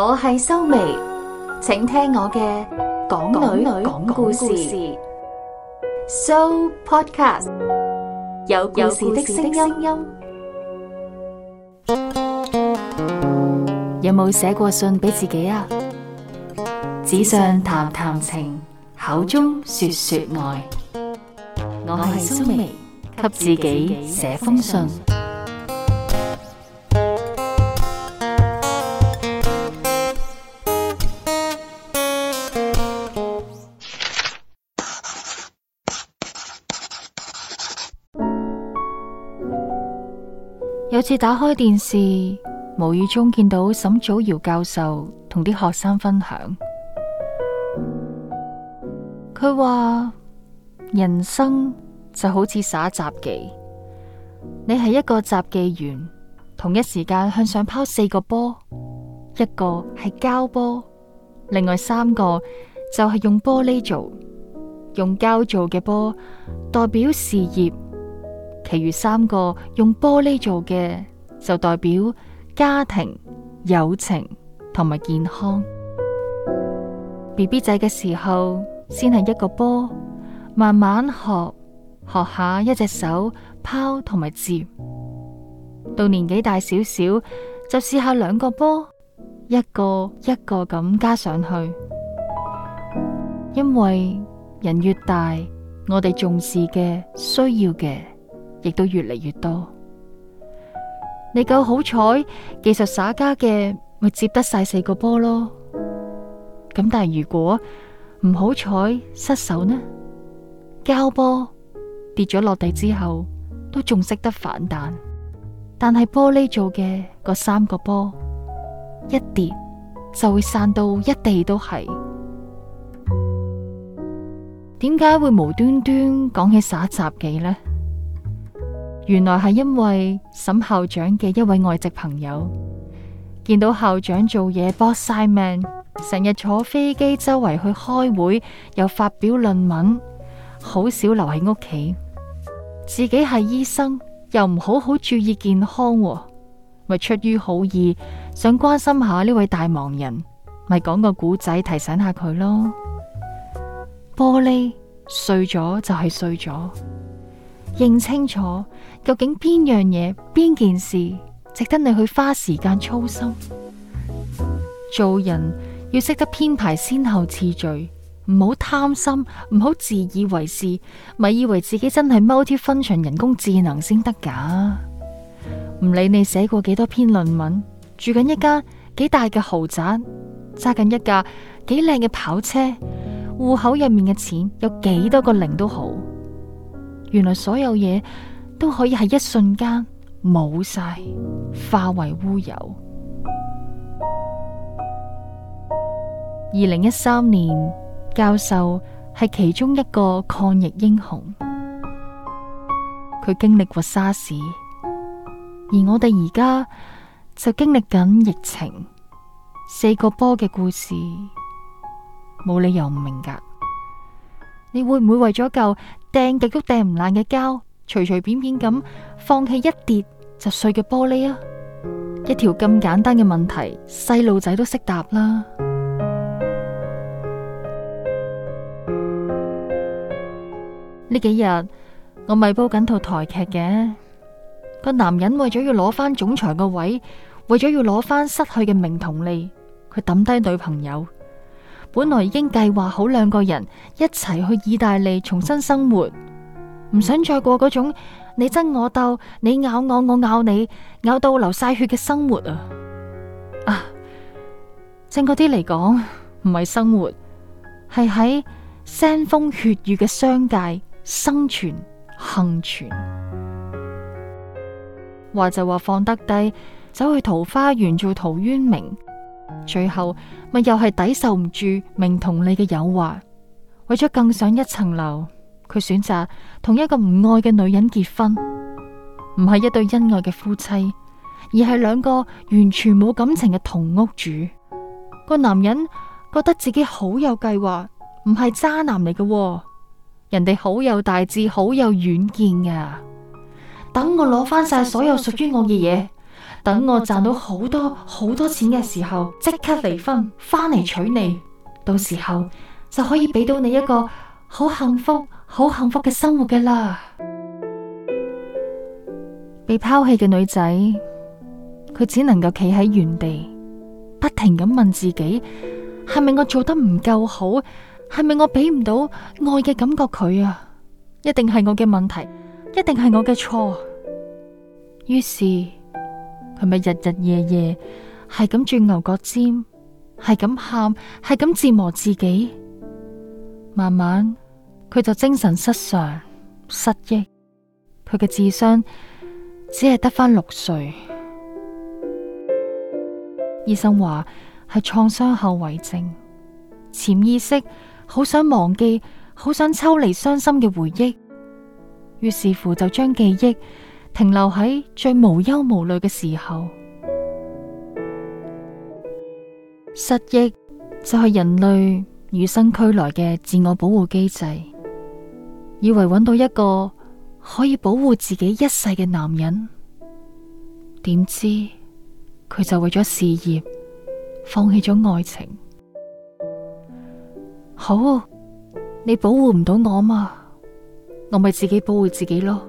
我係修眉，請聽我嘅講女女講故事，So Podcast 有故事的聲音。有冇寫過信俾自己啊？紙上談談情，口中說說愛。我係修眉，給自己寫封信。次打開電視，無意中見到沈祖堯教授同啲學生分享，佢話人生就好似耍雜技，你係一個雜技員，同一時間向上拋四個波，一個係膠波，另外三個就係用玻璃做、用膠做嘅波，代表事業。其餘三個用玻璃做嘅，就代表家庭、友情同埋健康。BB 仔嘅時候先係一個波，慢慢學學下一隻手拋同埋接。到年紀大少少，就試下兩個波，一個一個咁加上去。因為人越大，我哋重視嘅、需要嘅。亦都越嚟越多，你夠好彩，技術耍家嘅會接得晒四個波咯。咁但係如果唔好彩失手呢？膠波跌咗落地之後，都仲識得反彈，但係玻璃做嘅嗰三個波，一跌就會散到一地都係。點解會無端端講起耍雜技呢？原來係因為沈校長嘅一位外籍朋友見到校長做嘢搏晒命，成日坐飛機周圍去開會又發表論文，好少留喺屋企。自己係醫生又唔好好注意健康，啊，咪出於好意想關心下呢位大忙人，咪講個古仔提醒下佢咯。玻璃碎咗就係碎咗。認清楚究竟邊樣嘢，邊件事，件事值得你去花時間操心。做人要識得編排先後次序，唔好貪心，唔好自以為是，咪以為自己真係 multifunction 人工智能先得㗎。唔理你寫過幾多篇論文，住緊一間幾大嘅豪宅，揸緊一架幾靚嘅跑車，戶口入面嘅錢有幾多個零都好。原來所有嘢，都可以喺一瞬間冇晒，化為烏有。二零一三年，教授係其中一個抗疫英雄，佢經歷過沙士，而我哋而家就經歷緊疫情，四個波嘅故事，冇理由唔明噶。你會唔會為咗救？掟極都掟唔爛嘅膠，隨隨便便咁放棄一跌就碎嘅玻璃啊！一條咁簡單嘅問題，細路仔都識答啦。呢幾日我咪煲緊套台劇嘅，個男人為咗要攞翻總裁個位，為咗要攞翻失去嘅名同利，佢抌低女朋友。本來已經計劃好兩個人一齊去意大利重新生活，唔想再過嗰種你爭我鬥、你咬我我咬你咬到流晒血嘅生活啊！啊，正確啲嚟講，唔係生活，係喺腥風血雨嘅商界生存幸存，話就話放得低，走去桃花源做陶淵明。最後咪又係抵受唔住名同利嘅誘惑，為咗更上一層樓，佢選擇同一個唔愛嘅女人結婚，唔係一對恩愛嘅夫妻，而係兩個完全冇感情嘅同屋主。個男人覺得自己好有計劃，唔係渣男嚟嘅，人哋好有大志，好有遠見噶、啊。等我攞翻晒所有屬於我嘅嘢。等我賺到好多好多錢嘅時候，即刻離婚，翻嚟娶你。到時候就可以俾到你一個好幸福、好幸福嘅生活嘅啦。 被拋棄嘅女仔，佢只能夠企喺原地，不停咁問自己：係咪我做得唔夠好？係咪我俾唔到愛嘅感覺佢啊？一定係我嘅問題，一定係我嘅錯。於是……係咪日日夜夜係咁鑽牛角尖，係咁喊，係咁折磨自己？慢慢佢就精神失常、失憶，佢嘅智商只係得返六歲。醫生話係創傷後遺症，潛意識好想忘記，好想抽離傷心嘅回憶，於是乎就將記憶。停留喺最無憂無慮嘅時候，失憶就係人類與生俱來嘅自我保護機制。以為揾到一個可以保護自己一世嘅男人，點知佢就為咗事業，放棄咗愛情。好，你保護唔到我嘛，我咪自己保護自己咯。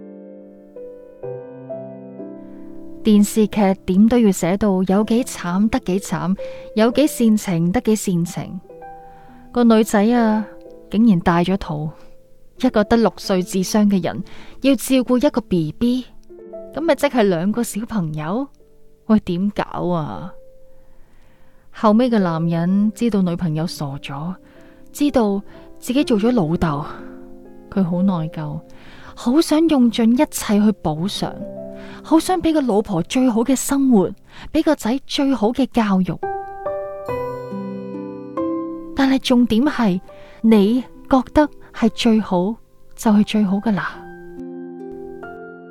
電視劇點都要寫到有幾慘得幾慘，有幾煽情得幾煽情。個女仔啊，竟然大咗肚，一個得六歲智商嘅人要照顧一個 B B，咁咪即係兩個小朋友喂？點搞啊？後尾嘅男人知道女朋友傻咗，知道自己做咗老豆，佢好內疚，好想用盡一切去補償。好想俾個老婆最好嘅生活，俾個仔最好嘅教育。但係重點係，你覺得係最好就係、是、最好噶啦。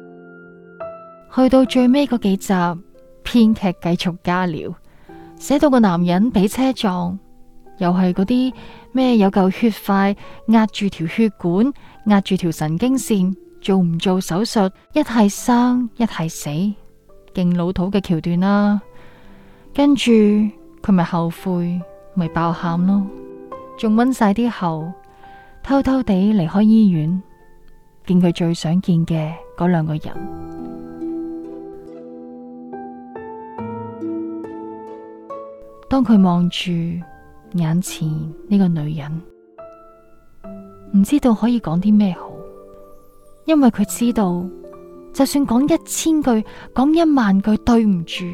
去到最尾嗰幾集，編劇繼續加料，寫到個男人俾車撞，又係嗰啲咩有嚿血塊壓住條血管，壓住條神經線。做唔做手術？一係生，一係死，勁老土嘅橋段啦、啊。跟住佢咪後悔，咪爆喊咯。仲溫晒啲喉，偷偷地離開醫院，見佢最想見嘅嗰兩個人。當佢望住眼前呢個女人，唔知道可以講啲咩好。因為佢知道，就算講一千句、講一萬句對唔住，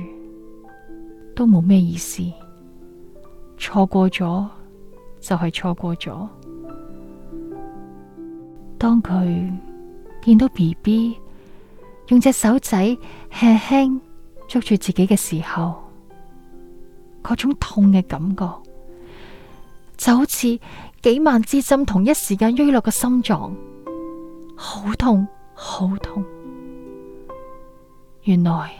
都冇咩意思。錯過咗就係、是、錯過咗。當佢見到 BB 用隻手仔輕輕捉住自己嘅時候，嗰種痛嘅感覺，就好似幾萬支針同一時間郁落個心臟。好痛，好痛！原來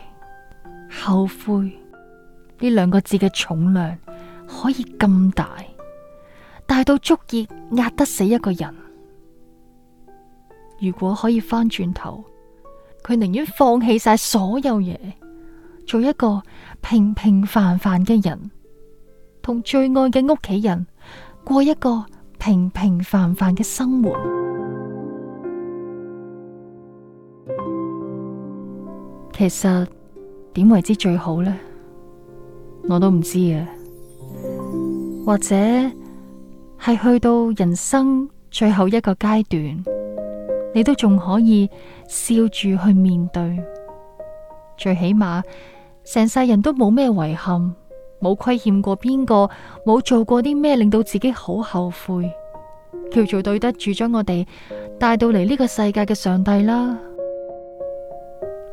後悔呢兩個字嘅重量可以咁大，大到足以壓得死一個人。如果可以返轉頭，佢寧願放棄晒所有嘢，做一個平平凡凡嘅人，同最愛嘅屋企人過一個平平凡凡嘅生活。其實點為之最好呢？我都唔知啊。或者係去到人生最後一個階段，你都仲可以笑住去面對。最起碼成世人都冇咩遺憾，冇虧欠過邊個，冇做過啲咩令到自己好後悔，叫做對得住將我哋帶到嚟呢個世界嘅上帝啦。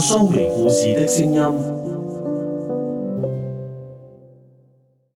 蘇黎故事的聲音。